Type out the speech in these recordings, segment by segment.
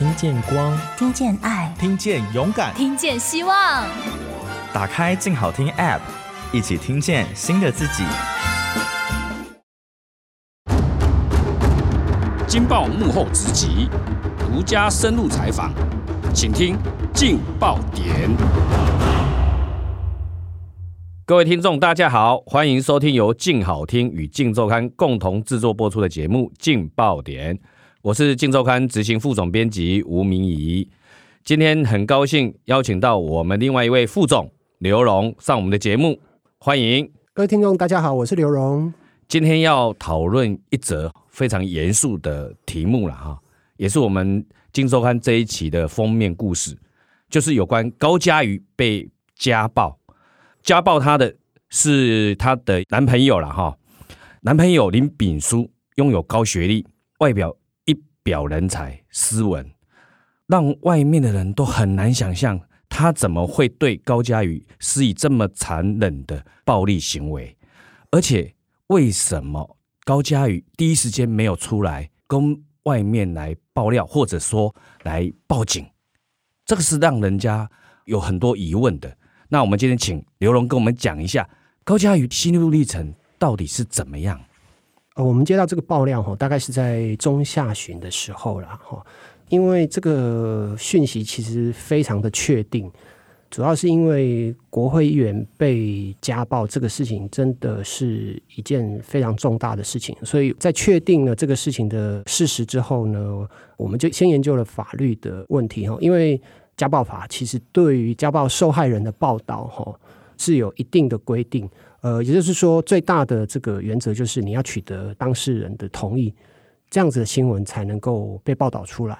聽見光，聽見愛，聽見勇敢，聽見希望。打開鏡好聽 App，一起聽見新的自己。鏡爆幕後直擊，獨家深入採訪，請聽《鏡爆點》。各位聽眾，大家好，歡迎收聽由鏡好聽與鏡週刊共同製作播出的節目《鏡爆點》。我是《鏡週刊》執行副總編輯吳明儀，今天很高興邀請到我們另外一位副總劉榮上我們的節目。歡迎各位聽眾，大家好，我是劉榮。今天要討論一則非常嚴肅的題目了哈，也是我們《鏡週刊》這一期的封面故事，就是有關高嘉瑜被家暴，家暴她的是她的男朋友了哈，男朋友林秉樞擁有高學歷，外表表人才，斯文，讓外面的人都很難想象他怎麼會對高嘉瑜施以這麼殘忍的暴力行為，而且為什麼高嘉瑜第一時間沒有出來跟外面來爆料，或者說來報警，這個是讓人家有很多疑問的。那我們今天請劉榮跟我們講一下高嘉瑜心路歷程到底是怎麼樣？我們接到這個爆料大概是在中下旬的時候了，因為這個訊息其實非常的確定，主要是因為國會議員被家暴這個事情真的是一件非常重大的事情，所以在確定了這個事情的事實之後呢，我們就先研究了法律的問題，因為家暴法其實對於家暴受害人的報道是有一定的規定，呃，也就是說，最大的這個原則就是你要取得當事人的同意，這樣子的新聞才能夠被報道出來。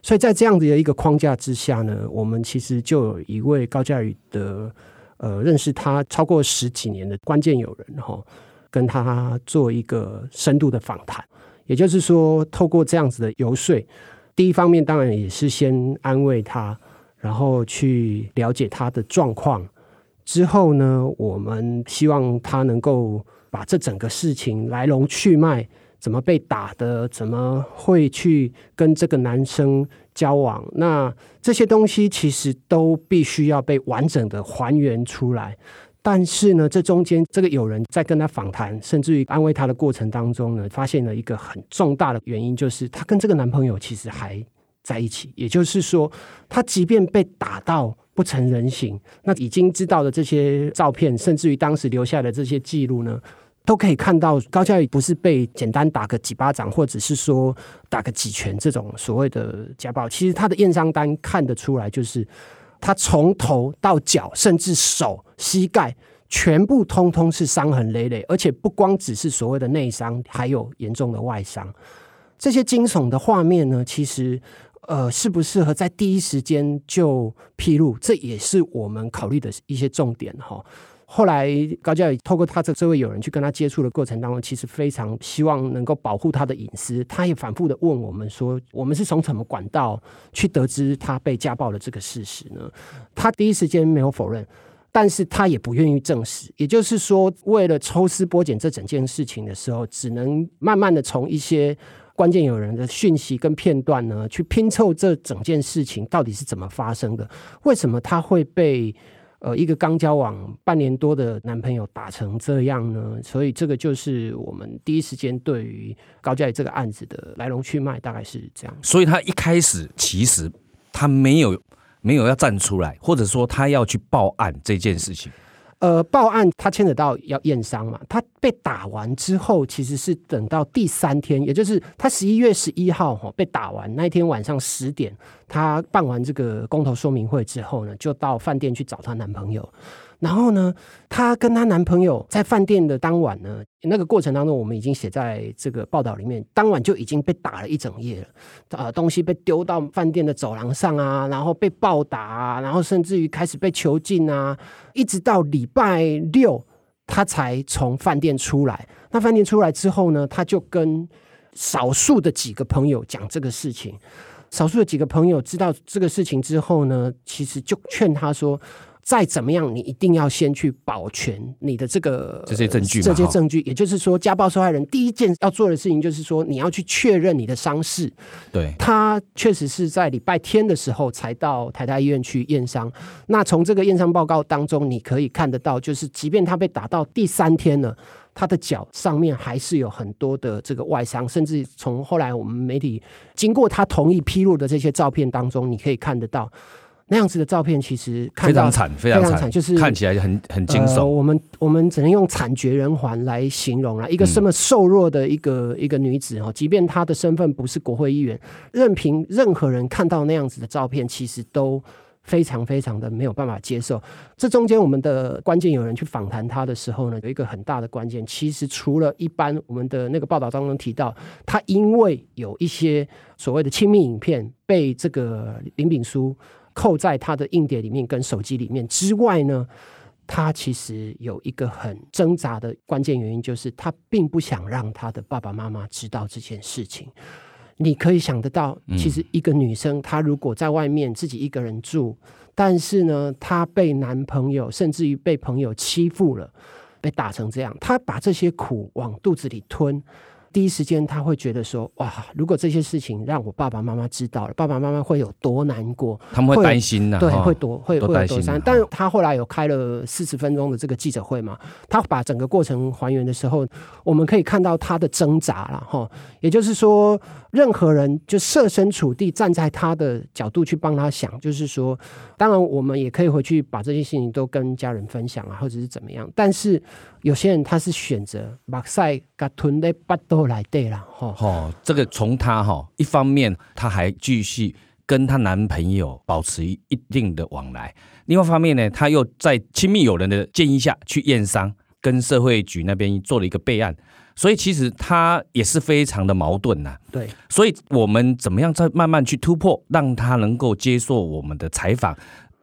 所以在這樣子的一個框架之下呢，我們其實就有一位高嘉瑜的呃認識他超過十幾年的關鍵友人哈，跟他做一個深度的訪談。也就是說，透過這樣子的遊說，第一方面當然也是先安慰他，然後去了解他的狀況。之後呢，我們希望她能夠把這整個事情、來龍去脈、怎麼被打的，怎麼會去跟這個男生交往，那這些東西其實都必須要被完整的還原出來。但是呢，這中間這個友人在跟她訪談，甚至於安慰她的過程當中呢，發現了一個很重大的原因，就是她跟這個男朋友其實還在一起。也就是說，她即便被打到。不成人形。那已經知道的這些照片，甚至於當時留下的這些記錄呢，都可以看到高嘉瑜不是被簡單打個幾巴掌，或者是說打個幾拳這種所謂的家暴。其實他的驗傷單看得出來，就是他從頭到腳，甚至手、膝蓋，全部通通是傷痕累累，而且不光只是所謂的內傷，還有嚴重的外傷。這些驚悚的畫面呢，其實。呃，適不適合在第一時間就披露，這也是我們考慮的一些重點哈。後來高嘉瑜透過他這這位友人去跟他接觸的過程當中，其實非常希望能夠保護他的隱私。他也反覆的問我們說，我們是從什麼管道去得知他被家暴的這個事實呢？他第一時間沒有否認，但是他也不願意證實。也就是說，為了抽絲剝繭這整件事情的時候，只能慢慢的從一些。關鍵有人的訊息跟片段呢，去拼湊這整件事情到底是怎麼發生的？為什麼他會被呃一個剛交往半年多的男朋友打成這樣呢？所以這個就是我們第一時間對於高嘉瑜這個案子的來龍去脈，大概是這樣。所以他一開始其實他沒有沒有要站出來，或者說他要去報案這件事情。呃，報案他牽扯到要驗傷嘛，他被打完之後，其實是等到第三天，也就是他十一月十一號、哦、被打完那天晚上十點，他辦完這個公投說明會之後呢，就到飯店去找她男朋友。然後呢，她跟她男朋友在飯店的當晚呢，那個過程當中，我們已經寫在這個報道裡面。當晚就已經被打了一整夜了，啊、呃，東西被丟到飯店的走廊上啊，然後被暴打，啊，然後甚至於開始被囚禁啊，一直到禮拜六，她才從飯店出來。那飯店出來之後呢，她就跟少數的幾個朋友講這個事情。少數的幾個朋友知道這個事情之後呢，其實就勸她說，再怎麼樣，你一定要先去保全你的這個這些證據嘛，這些證據。也就是說，家暴受害人第一件要做的事情，就是說你要去確認你的傷勢。對，他確實是在禮拜天的時候才到台大醫院去驗傷。那從這個驗傷報告當中，你可以看得到，就是即便他被打到第三天了，他的腳上面還是有很多的這個外傷。甚至從後來我們媒體經過他同意披露的這些照片當中，你可以看得到。那樣子的照片其實非常慘，非常慘，就是看起來很很驚悚。呃、我們我們只能用慘絕人寰來形容了，一個什麼瘦弱的一個一個女子哦、嗯，即便她的身份不是國會議員，任憑任何人看到那樣子的照片，其實都非常非常的沒有辦法接受。這中間我們的關鍵，有人去訪談她的時候呢，有一個很大的關鍵，其實除了一般我們的那個報道當中提到，她因為有一些所謂的親密影片被這個林秉樞，扣在他的硬碟裡面跟手機裡面之外呢，他其實有一個很掙扎的關鍵原因，就是他並不想讓他的爸爸媽媽知道這件事情。你可以想得到，其實一個女生她如果在外面自己一個人住，但是呢，她被男朋友甚至於被朋友欺負了，被打成這樣，她把這些苦往肚子裡吞。第一時間他會覺得說：“哇，如果這些事情讓我爸爸媽媽知道了，爸爸媽媽會有多難過？他們會擔心吶、啊，對，會躲、哦，會多、啊、會躲藏。”但他後來有開了四十分鐘的這個記者會嘛，他把整個過程還原的時候，我們可以看到他的掙扎了哈。也就是說，任何人就設身處地站在他的角度去幫他想，就是說，當然我們也可以回去把這些事情都跟家人分享啊，或者是怎麼樣。但是有些人他是選擇馬賽嘎吞的巴多。來對了哦，這個從她哈一方面，她還繼續跟她男朋友保持一定的往來，另外一方面呢，她又在親密友人的建議下去驗傷，跟社會局那邊做了一個備案。所以其實她也是非常的矛盾吶、啊。對，所以我們怎麼樣再慢慢去突破，讓她能夠接受我們的採訪，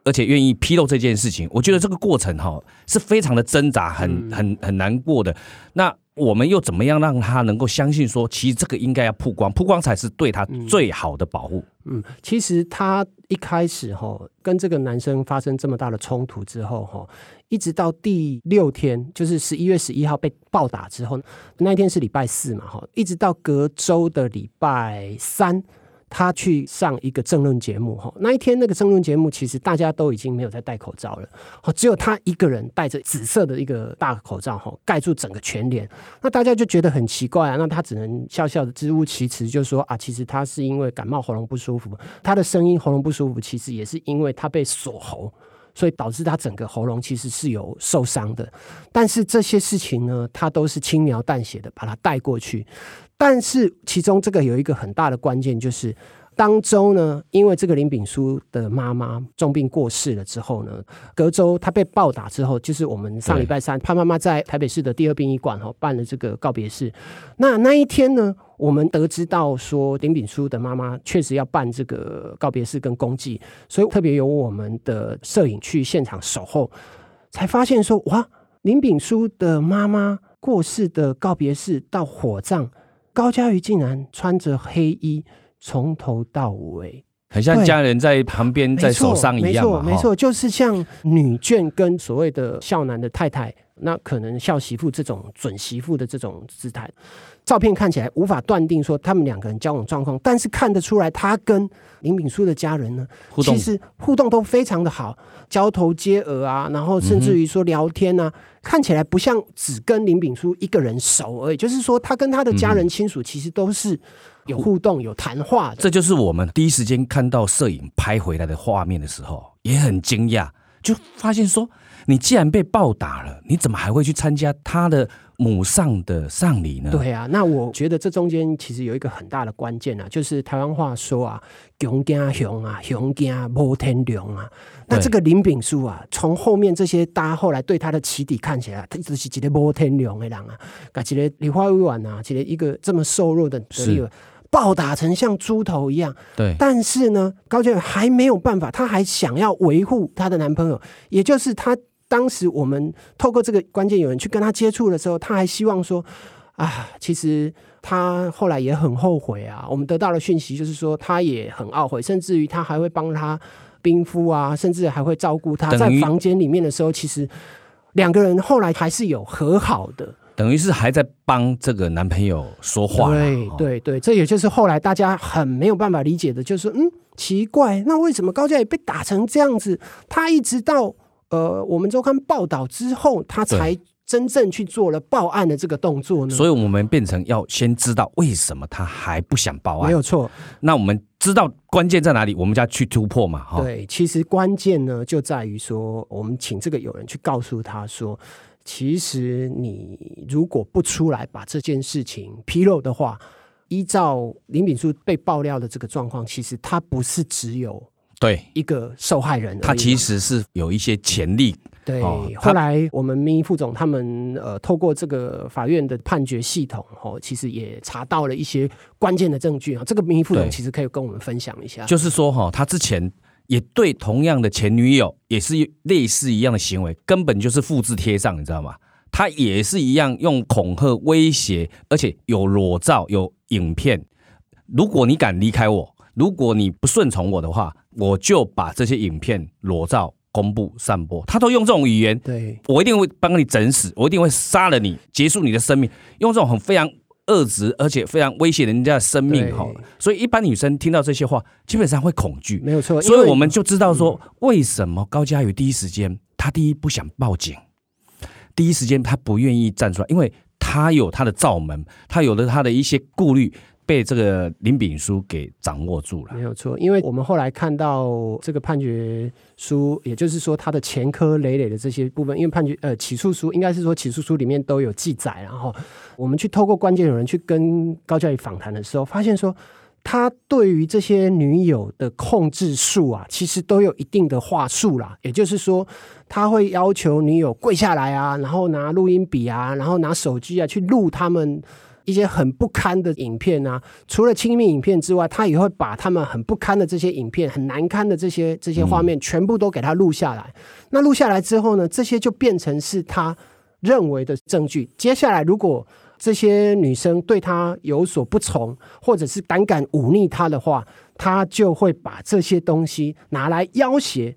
而且願意披露這件事情。我覺得這個過程哈是非常的掙扎，很很很難過的、嗯。那。我們又怎麼樣讓他能夠相信，說其實這個應該要曝光，曝光才是對他最好的保護。嗯，嗯，其實他一開始哈、哦、跟這個男生發生這麼大的衝突之後哈、哦，一直到第六天，就是十一月十一號被暴打之後，那一天是禮拜四嘛哈，一直到隔週的禮拜三。他去上一個政論節目，那一天那個政論節目其實大家都已經沒有在戴口罩了，只有他一個人戴着紫色的一個大口罩，蓋住整個全臉，那大家就覺得很奇怪啊，那他只能笑笑的支吾其詞，就說啊，其實他是因為感冒喉嚨不舒服，他的聲音喉嚨不舒服，其實也是因為他被鎖喉。所以導致他整個喉嚨其實是有受傷的，但是這些事情呢，他都是輕描淡寫的把它帶過去。但是其中這個有一個很大的關鍵就是。當周呢，因為這個林炳書的媽媽重病過世了之後呢，隔周他被暴打之後，就是我們上禮拜三，潘媽媽在台北市的第二殯儀館哈辦了這個告別式。那那一天呢，我們得知道說林炳書的媽媽確實要辦這個告別式跟公祭，所以特別由我們的攝影去現場守候，才發現說哇，林炳書的媽媽過世的告別式到火葬，高嘉瑜竟然穿着黑衣。從頭到尾，很像家人在旁邊在守喪一樣沒錯。哦，沒錯，就是像女眷跟所謂的孝男的太太，那可能孝媳婦這種準媳婦的這種姿態，照片看起來無法斷定說他們兩個人交往狀況，但是看得出來，他跟林秉樞的家人呢，其實互動都非常的好，交頭接耳啊，然後甚至於說聊天啊。嗯看起來不像只跟林秉樞一個人熟而已，就是說他跟他的家人親屬其實都是有互動、有談話的、嗯。這就是我們第一時間看到攝影拍回來的畫面的時候，也很驚訝，就發現說你既然被暴打了，你怎麼還會去參加他的？母喪的喪禮呢？對啊，那我覺得這中間其實有一個很大的關鍵啊，就是台灣話說啊，窮家窮啊，窮家無天良啊。那這個林秉樞啊，從後面這些大家後來對他的起底看起來，他一直是一個無天良的人啊。而且呢，立法委員啊，其實一個這麼瘦弱的女的，暴打成像豬頭一樣。對。但是呢，高嘉瑜還沒有辦法，他還想要維護她的男朋友，也就是他。當時我們透過這個關鍵有人去跟他接觸的時候，他還希望說啊，其實他後來也很後悔啊。我們得到的訊息就是說，他也很懊悔，甚至於他還會幫他冰敷啊，甚至還會照顧他。在房間裡面的時候，其實兩個人後來還是有和好的，等於是還在幫這個男朋友說話。對對對，這也就是後來大家很沒有辦法理解的，就是說，嗯，奇怪，那為什麼高嘉瑜被打成這樣子？他一直到。呃，我們週刊報道之後，他才真正去做了報案的這個動作呢。所以，我們變成要先知道為什麼他還不想報案。沒有錯，那我們知道關鍵在哪裡，我們就要去突破嘛。哈、哦，對，其實關鍵呢就在於說，我們請這個友人去告訴他說，其實你如果不出來把這件事情披露的話，依照林秉樞被爆料的這個狀況，其實他不是只有。對一個受害人，他其實是有一些潛力。對、哦，後來我們民意副總他們呃，透過這個法院的判決系統，哈、哦，其實也查到了一些關鍵的證據啊、哦。這個民意副總其實可以跟我們分享一下，就是說哈、哦，他之前也對同樣的前女友也是類似一樣的行為，根本就是複製貼上，你知道嗎？他也是一樣用恐嚇威脅，而且有裸照有影片。如果你敢離開我，如果你不順從我的話，我就把這些影片裸、裸照公布、散播。他都用這種語言，對，我一定會幫你整死，我一定會殺了你，結束你的生命。用這種很非常惡質，而且非常威脅人家的生命。所以一般女生聽到這些話，基本上會恐懼。沒有錯。所以我們就知道說，為、為什麼高嘉瑜第一時間，他第一不想報警，第一時間他不願意站出來，因為他有他的罩門，他有了他的一些顧慮。被這個林秉樞給掌握住了，沒有錯。因為我們後來看到這個判決書，也就是說他的前科累累的這些部分，因為判決呃起訴書應該是說起訴書裡面都有記載。然後我們去透過關鍵有人去跟高嘉瑜訪談的時候，發現說他對於這些女友的控制術啊，其實都有一定的話術啦。也就是說他會要求女友跪下來啊，然後拿錄音筆啊，然後拿手機啊去錄他們。一些很不堪的影片啊，除了親密影片之外，他也會把他們很不堪的這些影片、很難堪的這些這些畫面全部都給他錄下來。嗯。那錄下來之後呢，這些就變成是他認為的證據。接下來，如果這些女生對他有所不從，或者是膽敢忤逆他的話，他就會把這些東西拿來要挾。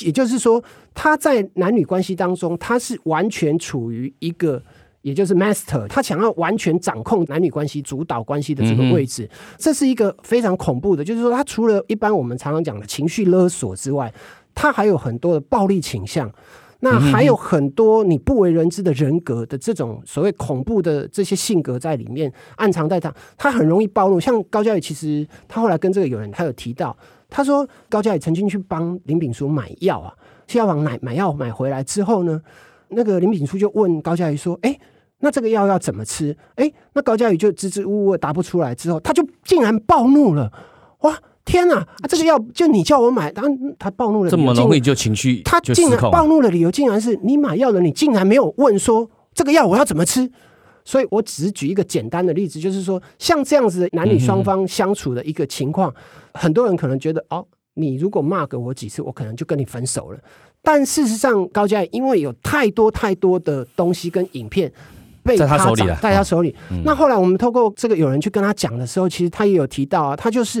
也就是說，他在男女關係當中，他是完全處於一個。也就是 master，他想要完全掌控男女關係、主導關係的這個位置，這是一個非常恐怖的。就是說，他除了一般我們常常講的情緒勒索之外，他還有很多的暴力傾向，那還有很多你不為人知的人格的這種所謂恐怖的這些性格在裡面，暗藏在他，他很容易暴露。像高嘉瑜，其實他後來跟這個友人，他有提到，他說高嘉瑜曾經去幫林秉樞買藥啊，消防買買藥買回來之後呢。那個林秉樞就問高嘉瑜說：“哎、欸，那這個藥要怎麼吃？”哎、欸，那高嘉瑜就支支吾吾答不出來，之後他就竟然暴怒了。哇，天吶、啊！啊，這個藥就你叫我買，他他暴怒了。這麼容易就情緒，他竟然暴怒的理由竟然是你買藥了，你竟然沒有問說這個藥我要怎麼吃。所以我只舉一個簡單的例子，就是說像這樣子的男女雙方相處的一個情況，嗯嗯，很多人可能覺得哦，你如果罵個我幾次，我可能就跟你分手了。但事實上，高嘉瑜因為有太多太多的東西跟影片被他掌握在他手裡，了他手裡，哦嗯。那後來我們透過這個有人去跟他講的時候，其實他也有提到啊，他就是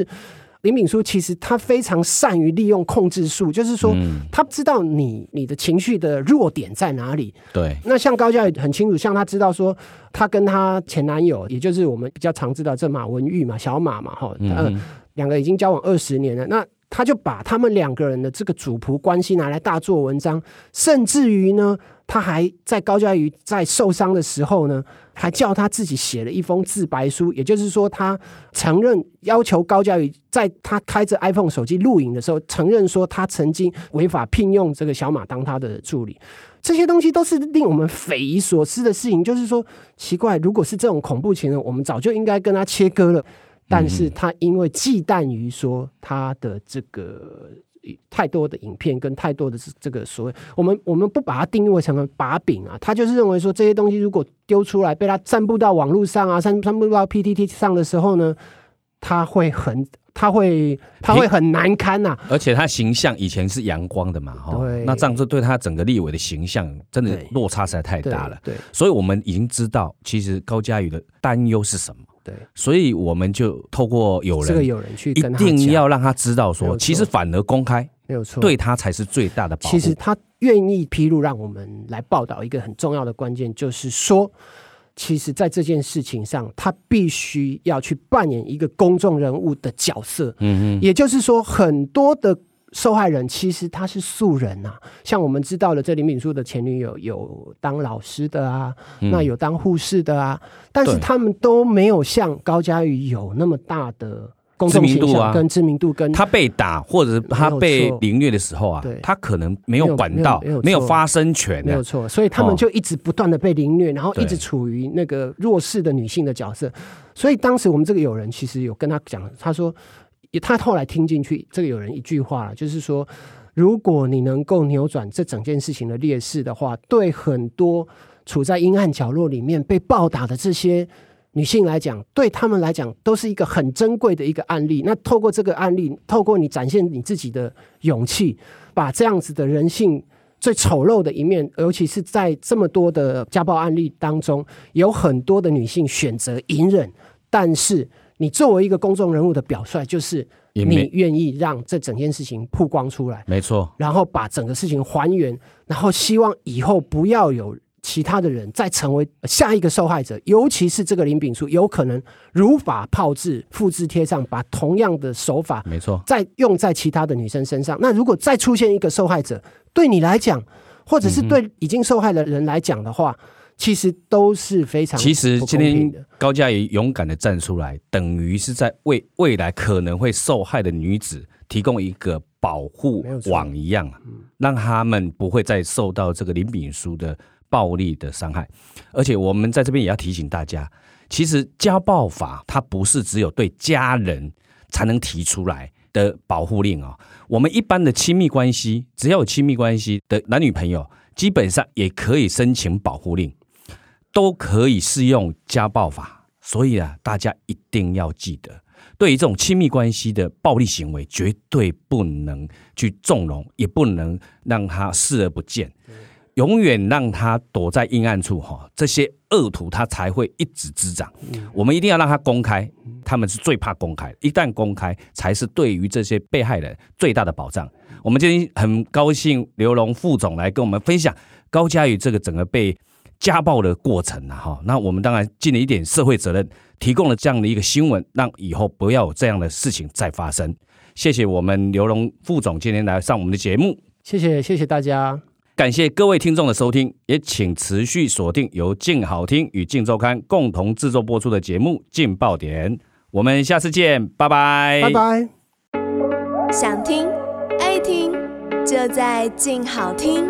林秉樞。其實他非常善於利用控制術，就是說他知道你、嗯、你的情緒的弱點在哪裡。對。那像高嘉瑜很清楚，像他知道說他跟他前男友，也就是我們比較常知道這馬文玉嘛，小馬嘛，哈、嗯，嗯，兩個已經交往二十年了，那。他就把他們兩個人的這個主僕關係拿來大做文章，甚至於呢，他還在高嘉瑜在受傷的時候呢，還叫他自己寫了一封自白書，也就是說，他承認要求高嘉瑜在他開着 iPhone 手機錄影的時候，承認說他曾經違法聘用這個小馬當他的助理，這些東西都是令我們匪夷所思的事情。就是說，奇怪，如果是這種恐怖情人，我們早就應該跟他切割了。但是他因為忌憚於說，他的這個太多的影片，跟太多的這個所謂，我們我們不把它定位成為把柄啊，他就是認為說，這些東西如果丟出來被他散布到網絡上啊，散散布到 PTT 上的時候呢，他會很他會他會很難堪吶、啊。而且他形象以前是陽光的嘛，對，那這樣子對他整個立委的形象真的落差實在太大了。對，對，所以我們已經知道，其實高嘉瑜的擔憂是什麼。所以我們就透過有人，這個有人去，一定要讓他知道說，其實反而公開沒有錯，對他才是最大的保護。這個、其實他願意披露，讓我們來報道一個很重要的關鍵，就是說，其實，在這件事情上，他必須要去扮演一個公眾人物的角色。嗯嗯，也就是說，很多的。受害人其實他是素人吶、啊，像我們知道了，這林秉樞的前女友有當老師的啊，嗯、那有當護士的啊，但是他們都沒有像高嘉瑜有那麼大的公眾形象、啊、知名度啊，跟知名度跟他被打或者他被凌虐的時候啊，他可能沒有管道，沒有發聲權、啊，沒有錯，所以他們就一直不斷的被凌虐、哦，然後一直處於那個弱勢的女性的角色。所以當時我們這個友人其實有跟他講，他說。也，他後來聽進去，這個有人一句話了，就是說，如果你能夠扭轉這整件事情的劣勢的話，對很多處在陰暗角落裡面被暴打的這些女性來講，對她們來講都是一個很珍貴的一個案例。那透過這個案例，透過你展現你自己的勇氣，把這樣子的人性最醜陋的一面，尤其是在這麼多的家暴案例當中，有很多的女性選擇隱忍，但是。你作為一個公眾人物的表率，就是你願意讓這整件事情曝光出來，沒錯。然後把整個事情還原，然後希望以後不要有其他的人再成為下一個受害者，尤其是這個林秉樞，有可能如法炮製、複製貼上，把同樣的手法，沒錯，再用在其他的女生身上。那如果再出現一個受害者，對你來講，或者是對已經受害的人來講的話。嗯嗯其實都是非常，其實今天高嘉瑜勇敢的站出來，等於是在為未來可能會受害的女子提供一個保護網一樣，讓他們不會再受到這個林秉樞的暴力的傷害。而且我們在這邊也要提醒大家，其實家暴法它不是只有對家人才能提出來的保護令啊，我們一般的親密關係，只要有親密關係的男女朋友，基本上也可以申請保護令。都可以適用家暴法，所以啊，大家一定要記得，對於這種親密關係的暴力行為，絕對不能去縱容，也不能讓他視而不見，永遠讓他躲在陰暗處哈，這些惡徒他才會一直滋長。我們一定要讓他公開，他們是最怕公開的，一旦公開才是對於這些被害人最大的保障。我們今天很高興，劉龍副總來跟我們分享高嘉瑜這個整個被家暴的過程哈、啊，那我們當然盡了一點社會責任，提供了這樣的一個新聞，讓以後不要有這樣的事情再發生。謝謝我們劉龍副總今天來上我們的節目，謝謝謝謝大家，感謝各位聽眾的收聽，也請持續鎖定由鏡好聽與鏡週刊共同製作播出的節目《鏡爆點》，我們下次見，拜拜，拜拜。想聽愛聽就在鏡好聽。